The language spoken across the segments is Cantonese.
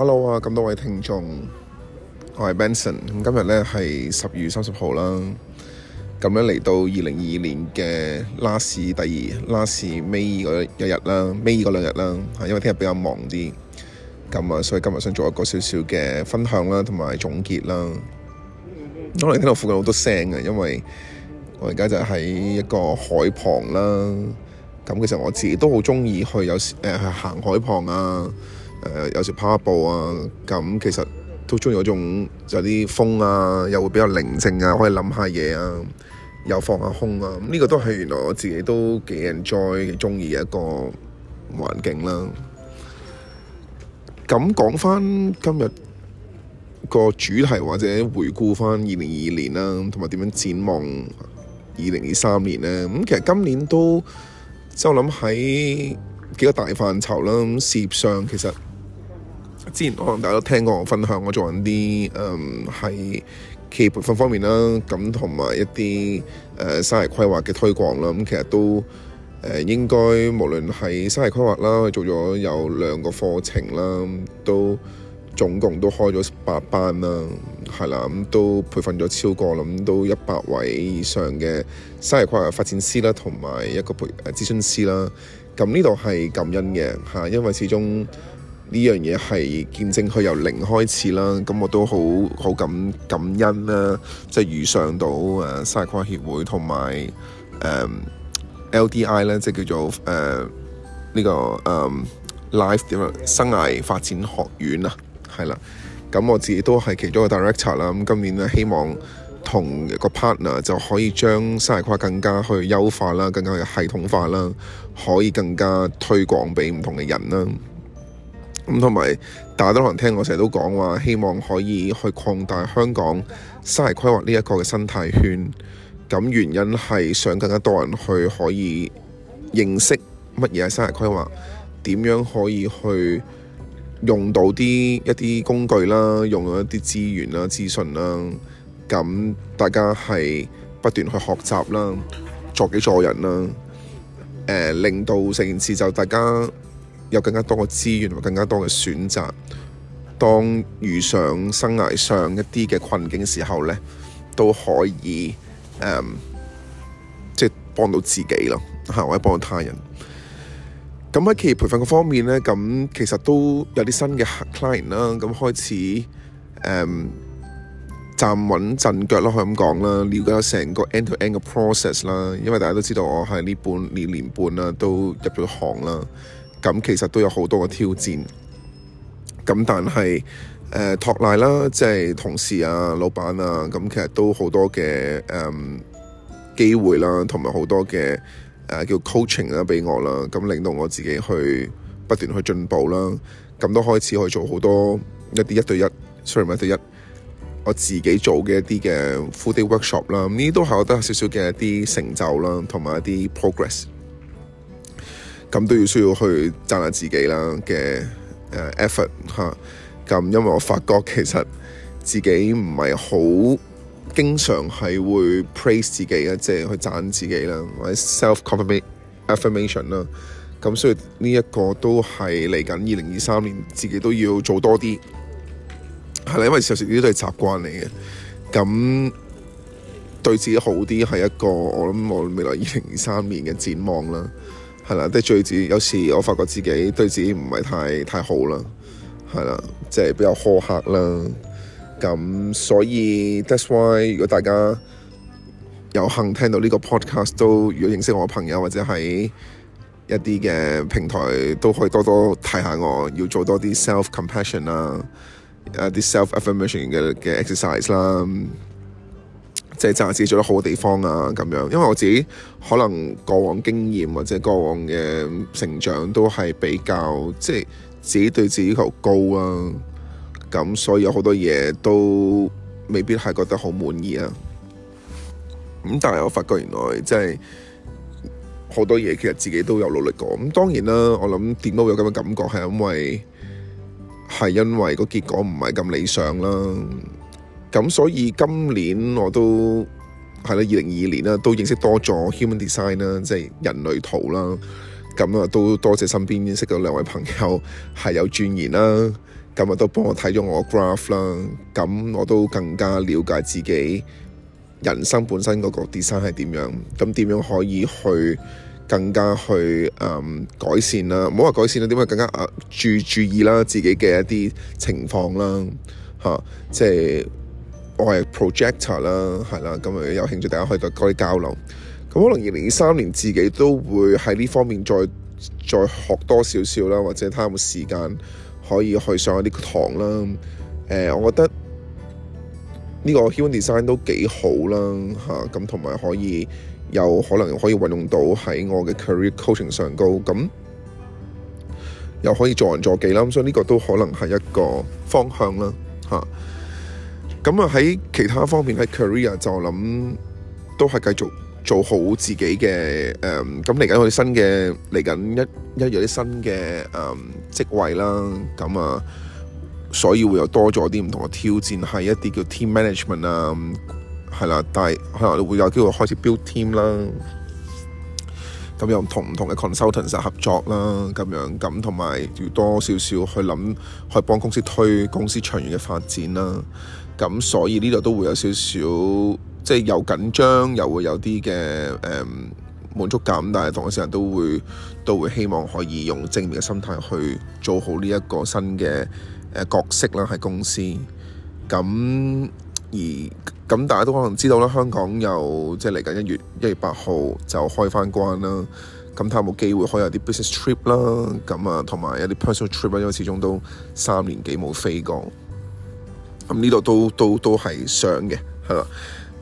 Hello 啊，咁多位聽眾，我係 Benson。咁今日咧係十月三十號啦，咁樣嚟到二零二二年嘅 last 第二 last 尾嗰一日啦，尾二嗰兩日啦，啊，因為聽日比較忙啲，咁啊，所以今日想做一個少少嘅分享啦，同埋總結啦。可能聽到附近好多聲啊，因為我而家就喺一個海旁啦。咁其實我自己都好中意去有時誒去行海旁啊。誒、呃、有時跑步啊，咁其實都中意嗰種有啲風啊，又會比較寧靜啊，可以諗下嘢啊，又放下空啊，呢、嗯這個都係原來我自己都幾 enjoy 中意嘅一個環境啦。咁講翻今日個主題或者回顧翻二零二二年啦、啊，同埋點樣展望二零二三年呢？咁、嗯、其實今年都即係我諗喺幾個大範疇啦，嗯、事業上其實。之前可能大家都聽過我分享，我做緊啲誒係企業培訓方面啦，咁同埋一啲誒、呃、生涯規劃嘅推廣啦，咁、嗯、其實都誒、呃、應該無論係生涯規劃啦，做咗有兩個課程啦，都總共都開咗八班啦，係啦，咁、嗯、都培訓咗超過啦，咁、嗯、都一百位以上嘅生涯規劃發展師啦，同埋一個培諮詢師啦，咁呢度係感恩嘅嚇，因為始終。呢樣嘢係見證佢由零開始啦，咁我都好好感感恩啦，即、就、係、是、遇上到誒沙跨協會同埋、嗯、L D I 咧，即係叫做誒呢、呃這個誒、嗯、Life 點樣生涯發展學院啊，係啦。咁我自己都係其中一個 director 啦。咁、嗯、今年咧，希望同個 partner 就可以將沙跨更加去優化啦，更加去系統化啦，可以更加推廣俾唔同嘅人啦。咁同埋，大家都可能聽我成日都講話，希望可以去擴大香港生涯規劃呢一個嘅生態圈。咁原因係想更加多人去可以認識乜嘢係生涯規劃，點樣可以去用到啲一啲工具啦，用到一啲資源啦、資訊啦。咁大家係不斷去學習啦、作己助人啦、呃。令到成件事就大家，有更加多嘅資源同更加多嘅選擇，當遇上生涯上一啲嘅困境嘅時候呢，都可以即係、嗯就是、幫到自己咯嚇，或者幫到他人。咁喺企業培訓嘅方面呢，咁其實都有啲新嘅 client 啦，咁開始、嗯、站穩陣腳啦，可以咁講啦。了解咗成個 end to end 嘅 process 啦，因為大家都知道我喺呢半年年半啦，都入咗行啦。咁其實都有好多嘅挑戰，咁但係誒托賴啦，即係同事啊、老闆啊，咁其實都好多嘅誒、嗯、機會啦，同埋好多嘅誒、呃、叫 coaching 啦，俾我啦，咁令到我自己去不斷去進步啦，咁都開始可以做好多一啲一對一，sorry 一對一，我自己做嘅一啲嘅 full day workshop 啦，呢啲都係我得少少嘅一啲成就啦，同埋一啲 progress。咁都要需要去讚下自己啦嘅 effort 吓。咁因為我發覺其實自己唔係好經常係會 praise 自己嘅，即係去讚自己啦，或者 self confirmation affirmation 啦。咁所以呢一個都係嚟緊二零二三年，自己都要做多啲係啦，因為實實啲都係習慣嚟嘅。咁對自己好啲係一個我諗我未來二零二三年嘅展望啦。係啦，即最主，有時我發覺自己對自己唔係太太好啦，係啦，即係比較苛刻啦。咁所以 that's why 如果大家有幸聽到呢個 podcast，都如果認識我朋友或者喺一啲嘅平台都可以多多睇下我，要做多啲 self compassion 啦，誒、啊、啲 self affirmation 嘅嘅 exercise 啦。即係自己做得好嘅地方啊，咁樣，因為我自己可能過往經驗或者過往嘅成長都係比較即係、就是、自己對自己要求高啊，咁所以有好多嘢都未必係覺得好滿意啊。咁但係我發覺原來即係好多嘢其實自己都有努力過。咁當然啦，我諗點解會有咁嘅感覺係因為係因為個結果唔係咁理想啦。咁所以今年我都係啦，二零二二年啦，都認識多咗 human design 啦，即係人類圖啦。咁啊，都多謝身邊認識到兩位朋友係有鑽研啦，咁啊，都幫我睇咗我個 graph 啦。咁我都更加了解自己人生本身嗰個 design 係點樣。咁點樣可以去更加去、嗯、改善啦？唔好話改善啦，點解更加啊，注注意啦自己嘅一啲情況啦，吓即係我係 projector 啦，係啦，咁啊有興趣大家可以多啲交流。咁可能二零二三年自己都會喺呢方面再再學多少少啦，或者睇下有冇時間可以去上一啲堂啦。我覺得呢個 human design 都幾好啦，嚇咁同埋可以有可能可以運用到喺我嘅 career coaching 上高，咁又可以助人助己啦。咁所以呢個都可能係一個方向啦，嚇。咁啊喺其他方面喺 career 就我諗都係繼續做好自己嘅誒，咁嚟緊我哋新嘅嚟緊一一有啲新嘅誒、嗯、職位啦，咁、嗯、啊所以會有多咗啲唔同嘅挑戰，係一啲叫 team management 啊，係啦，但係可能會有機會開始 build team 啦。咁又同唔同嘅 consultants 合作啦，咁樣，咁同埋要多少少去諗去幫公司推公司長遠嘅發展啦。咁所以呢度都會有少少，即係又緊張又會有啲嘅滿足感。但係同時人都會都會希望可以用正面嘅心態去做好呢一個新嘅、呃、角色啦，喺公司咁。而咁大家都可能知道啦，香港又即係嚟緊一月，一月八號就開翻關啦。咁睇下冇機會開下啲 business trip 啦，咁啊同埋一啲 personal trip，因為始終都三年幾冇飛過。咁呢度都都都係想嘅，係啦，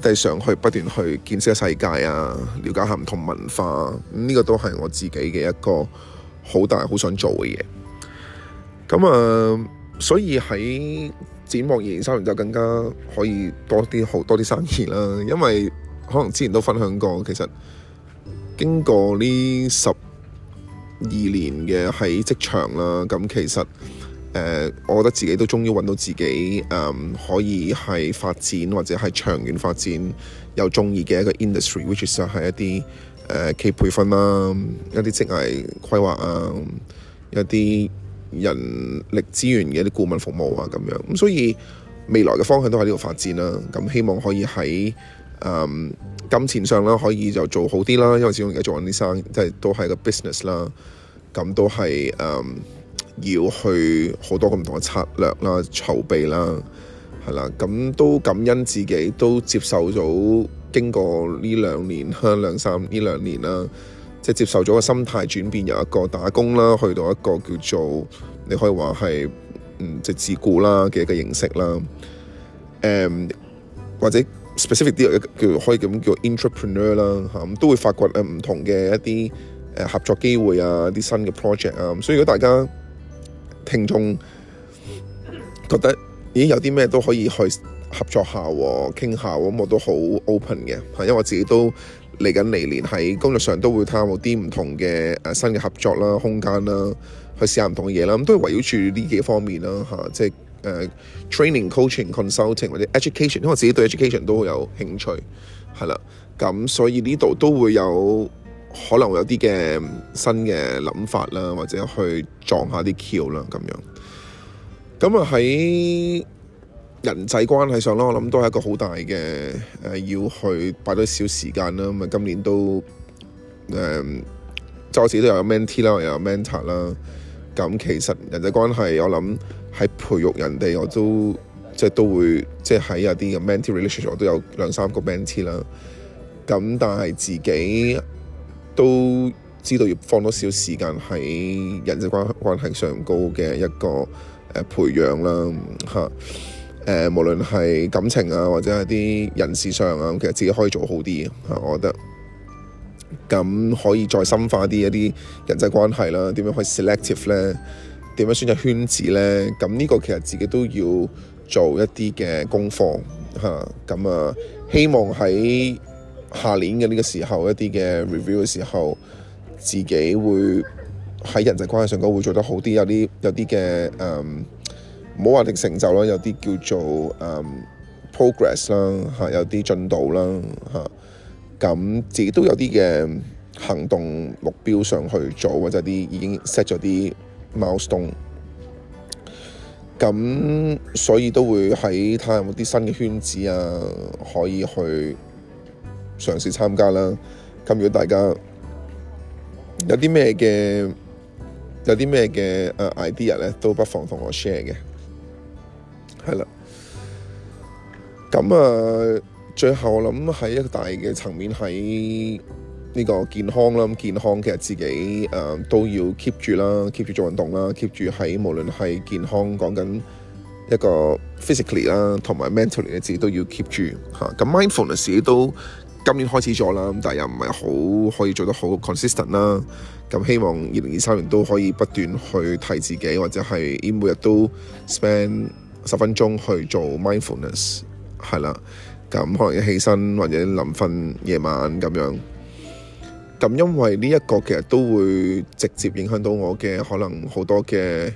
都係想去不斷去見識下世界啊，了解下唔同文化。呢個都係我自己嘅一個好大好想做嘅嘢。咁啊，所以喺展望二零三零就更加可以多啲好多啲生意啦，因為可能之前都分享過，其實經過呢十二年嘅喺職場啦，咁其實誒、呃、我覺得自己都終於揾到自己誒、呃、可以係發展或者係長遠發展又中意嘅一個 industry，which is 就係一啲誒企業培訓啦，一啲職涯規劃啊，一啲。呃人力資源嘅啲顧問服務啊，咁樣咁，所以未來嘅方向都喺呢度發展啦、啊。咁、嗯、希望可以喺誒、嗯、金錢上啦、啊，可以就做好啲啦。因為始終而家做緊啲生意，即係都係個 business 啦。咁、嗯、都係誒、嗯、要去好多咁唔同嘅策略啦、籌備啦，係啦。咁、嗯、都感恩自己都接受咗，經過呢兩、兩、兩年啊、兩三呢兩年啦。即接受咗個心態轉變，由一個打工啦，去到一個叫做你可以話係嗯、即自雇啦嘅一個形式啦。誒、嗯、或者 specific 啲叫可以咁叫 entrepreneur 啦、嗯、嚇，都會發掘誒唔同嘅一啲誒合作機會啊，啲新嘅 project 啊、嗯。所以如果大家聽眾覺得咦有啲咩都可以去合作下、傾下咁、嗯，我都好 open 嘅、嗯，因為我自己都。嚟緊嚟年喺工作上都會探討啲唔同嘅誒新嘅合作啦、空間啦，去試下唔同嘅嘢啦，咁都係圍繞住呢幾方面啦，嚇，即係誒 training、coaching、consulting 或者 education，因為我自己對 education 都好有興趣，係啦，咁所以呢度都會有可能會有啲嘅新嘅諗法啦，或者去撞一下啲橋啦，咁樣。咁啊喺～人際關係上咯，我諗都係一個好大嘅誒，要去擺多少時間啦。咁啊，今年都誒，嗯、我自己都有 mentee 啦、e,，又有 mentor 啦、e,。咁其實人際關係，我諗喺培育人哋，我都即係、就是、都會即係喺有啲嘅 mentee relationship，我都有兩三個 mentee 啦、e,。咁但係自己都知道要放多少時間喺人際關關係上高嘅一個誒培養啦嚇。嗯誒，無論係感情啊，或者係啲人事上啊，其實自己可以做好啲嚇，我覺得。咁可以再深化啲一啲人際關係啦，點樣去 selective 咧？點樣選擇圈子咧？咁呢個其實自己都要做一啲嘅功課嚇。咁啊，啊，希望喺下年嘅呢個時候一啲嘅 review 嘅時候，自己會喺人際關係上都會做得好啲，有啲有啲嘅誒。嗯唔好話定成就啦，有啲叫做、um, progress 啦嚇，有啲進度啦嚇，咁、啊、自己都有啲嘅行動目標上去做，或者啲已經 set 咗啲 milestone。咁所以都會喺睇下有冇啲新嘅圈子啊，可以去嘗試參加啦。咁如果大家有啲咩嘅有啲咩嘅誒 idea 咧，都不妨同我 share 嘅。係啦，咁啊，最後我諗喺一個大嘅層面喺呢個健康啦。咁健康其實自己誒都要 keep 住啦，keep 住做運動啦，keep 住喺無論係健康講緊一個 physically 啦，同埋 mentally 嘅自己都要 keep 住吓。咁 mindfulness 亦都今年開始咗啦，但係又唔係好可以做得好 consistent 啦。咁希望二零二三年都可以不斷去替自己，或者係每日都 spend 十分鐘去做 mindfulness 係啦，咁可能一起身或者臨瞓夜晚咁樣。咁因為呢一個其實都會直接影響到我嘅可能好多嘅誒、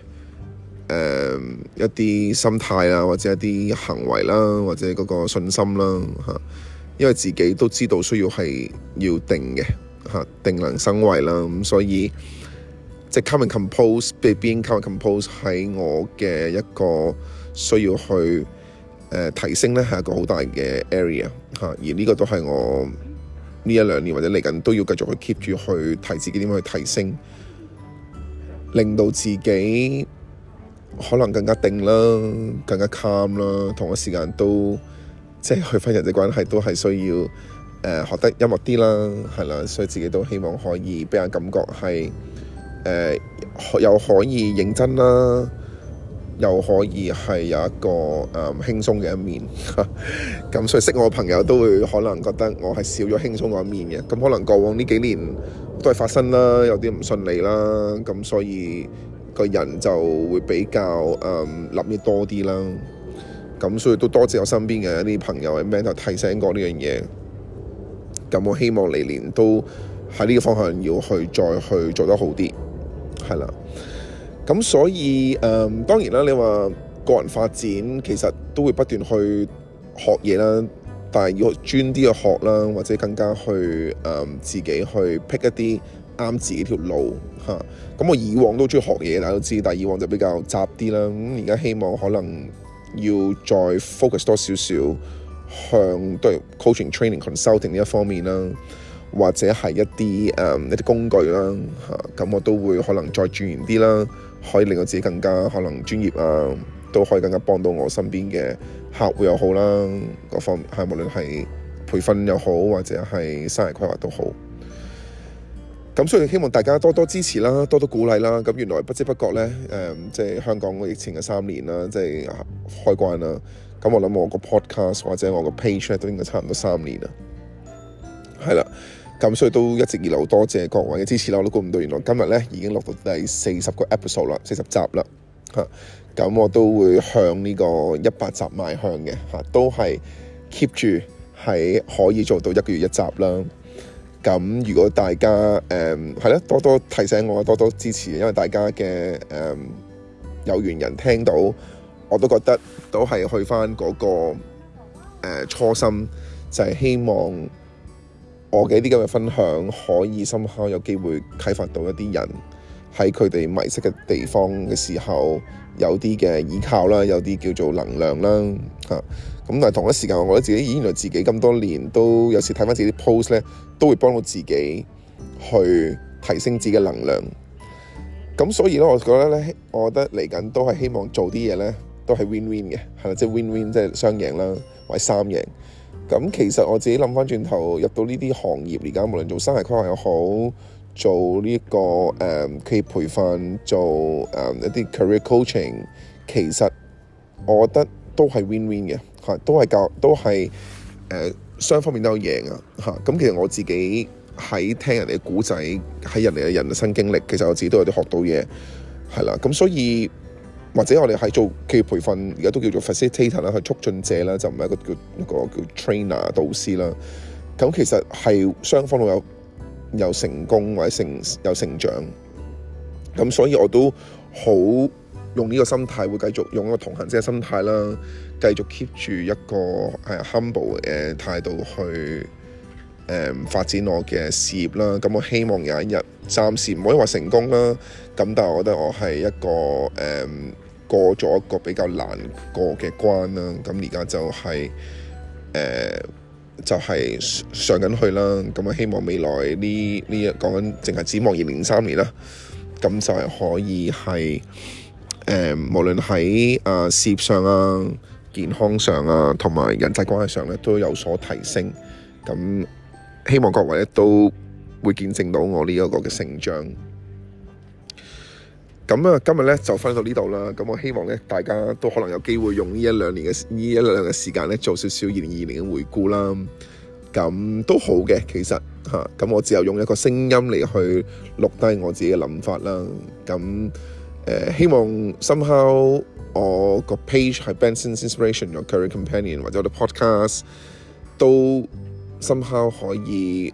呃、一啲心態啊，或者一啲行為啦，或者嗰個信心啦嚇。因為自己都知道需要係要定嘅嚇，定能生慧啦。咁所以即係 calm and compose，being calm and compose 喺我嘅一個。需要去誒、呃、提升咧係一個好大嘅 area 嚇、啊，而呢個都係我呢一兩年或者嚟緊都要繼續去 keep 住去提自己點樣去提升，令到自己可能更加定啦，更加 calm 啦。同一時間都即係去返人際關係都係需要誒、呃、學得幽默啲啦，係啦，所以自己都希望可以俾人感覺係誒、呃、又可以認真啦。又可以係有一個誒、嗯、輕鬆嘅一面，咁 所以識我嘅朋友都會可能覺得我係少咗輕鬆嘅一面嘅，咁可能過往呢幾年都係發生啦，有啲唔順利啦，咁所以個人就會比較誒諗得多啲啦，咁所以都多謝我身邊嘅一啲朋友喺邊度提醒過呢樣嘢，咁我希望嚟年都喺呢個方向要去再去做得好啲，係啦。咁所以誒、嗯，當然啦，你話個人發展其實都會不斷去學嘢啦，但係要專啲去學啦，或者更加去誒、嗯、自己去 pick 一啲啱自己條路嚇。咁、啊、我以往都中意學嘢，大家都知，但係以往就比較雜啲啦。咁而家希望可能要再 focus 多少少向對 coaching training consulting 呢一方面啦。或者係一啲誒、嗯、一啲工具啦嚇，咁、啊、我都會可能再專業鑽研啲啦，可以令我自己更加可能專業啊，都可以更加幫到我身邊嘅客戶又好啦，各方面係無論係培訓又好，或者係生涯規劃都好。咁所以希望大家多多支持啦，多多鼓勵啦。咁原來不知不覺呢，誒、嗯，即係香港疫情嘅三年啦，即係開關啦。咁我諗我個 podcast 或者我個 page 都應該差唔多三年啦。係啦。咁所以都一直以來，多謝各位嘅支持啦！我都估唔到，原來今日咧已經錄到第四十個 episode 啦，四十集啦嚇。咁、啊、我都會向呢個一百集邁向嘅嚇、啊，都係 keep 住喺可以做到一個月一集啦。咁如果大家誒係咯，多多提醒我，多多支持，因為大家嘅誒、嗯、有緣人聽到，我都覺得都係去翻嗰、那個、呃、初心，就係、是、希望。我嘅啲咁嘅分享可以深刻，有機會啟發到一啲人，喺佢哋迷失嘅地方嘅時候有啲嘅依靠啦，有啲叫做能量啦吓。咁但係同一時間，我覺得自己咦，原來自己咁多年都有時睇翻自己啲 post 咧，都會幫到自己去提升自己嘅能量。咁所以咧，我覺得咧，我覺得嚟緊都係希望做啲嘢咧，都係 win win 嘅，係啦，即係 win win，即係雙贏啦，或者三贏。咁其實我自己諗翻轉頭入到呢啲行業，而家無論做生涯規劃又好，做呢、這個誒企業培訓，做誒一啲 career coaching，其實我覺得都係 win win 嘅，嚇都係教，都係誒、呃、雙方面都有贏啊，嚇！咁其實我自己喺聽人哋嘅故仔，喺人哋嘅人生經歷，其實我自己都有啲學到嘢，係啦，咁所以。或者我哋喺做企業培訓，而家都叫做 facilitator 啦，係促進者啦，就唔係一個叫一個叫 trainer 導師啦。咁其實係雙方都有有成功或者成有成長。咁所以我都好用呢個心態，會繼續用一個同行者嘅心態啦，繼續 keep 住一個 humble 嘅態度去。誒發展我嘅事業啦，咁我希望有一日，暫時唔可以話成功啦，咁但係我覺得我係一個誒過咗一個比較難過嘅關啦，咁而家就係、是、誒、呃、就係、是、上緊去啦，咁啊希望未來呢呢一講緊淨係展望二零二三年啦，咁就係可以係誒無論喺啊事業上啊、健康上啊，同埋人際關係上咧都有所提升，咁。希望各位咧都會見證到我呢一個嘅成長。咁啊，今日咧就翻到呢度啦。咁我希望咧，大家都可能有機會用一兩一兩呢一兩年嘅呢一兩嘅時間咧，做少少二零二零年嘅回顧啦。咁都好嘅，其實嚇。咁、啊、我只有用一個聲音嚟去錄低我自己嘅諗法啦。咁誒、呃，希望 somehow, s o m e h o w 我個 page 係 Benson's Inspiration Your Current Companion 或者我啲 podcast 都。深刻可以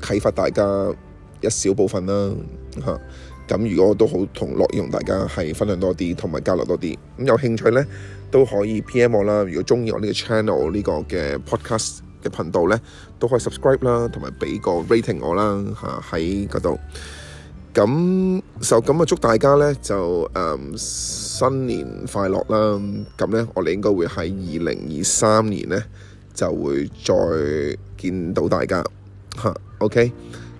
啟發大家一小部分啦嚇，咁、嗯啊、如果都好同樂融大家係分享多啲，同埋交流多啲，咁有興趣呢都可以 PM 我啦。如果中意我呢個 channel 呢個嘅 podcast 嘅頻道呢，都可以 subscribe 啦，同埋俾個 rating 我啦嚇喺嗰度。咁就咁啊，祝大家呢就誒、um, 新年快樂啦！咁呢，我哋應該會喺二零二三年呢。就會再見到大家嚇，OK？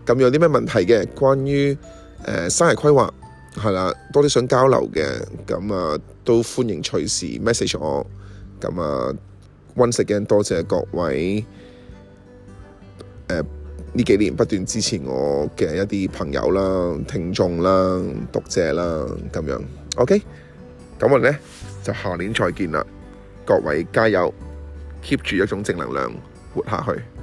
咁有啲咩問題嘅？關於誒、呃、生涯規劃係啦，多啲想交流嘅，咁啊都歡迎隨時 message 我。咁啊，Once again，多謝各位誒呢、呃、幾年不斷支持我嘅一啲朋友啦、聽眾啦、讀者啦咁樣。OK？咁我哋呢就下年再見啦，各位加油！keep 住一種正能量，活下去。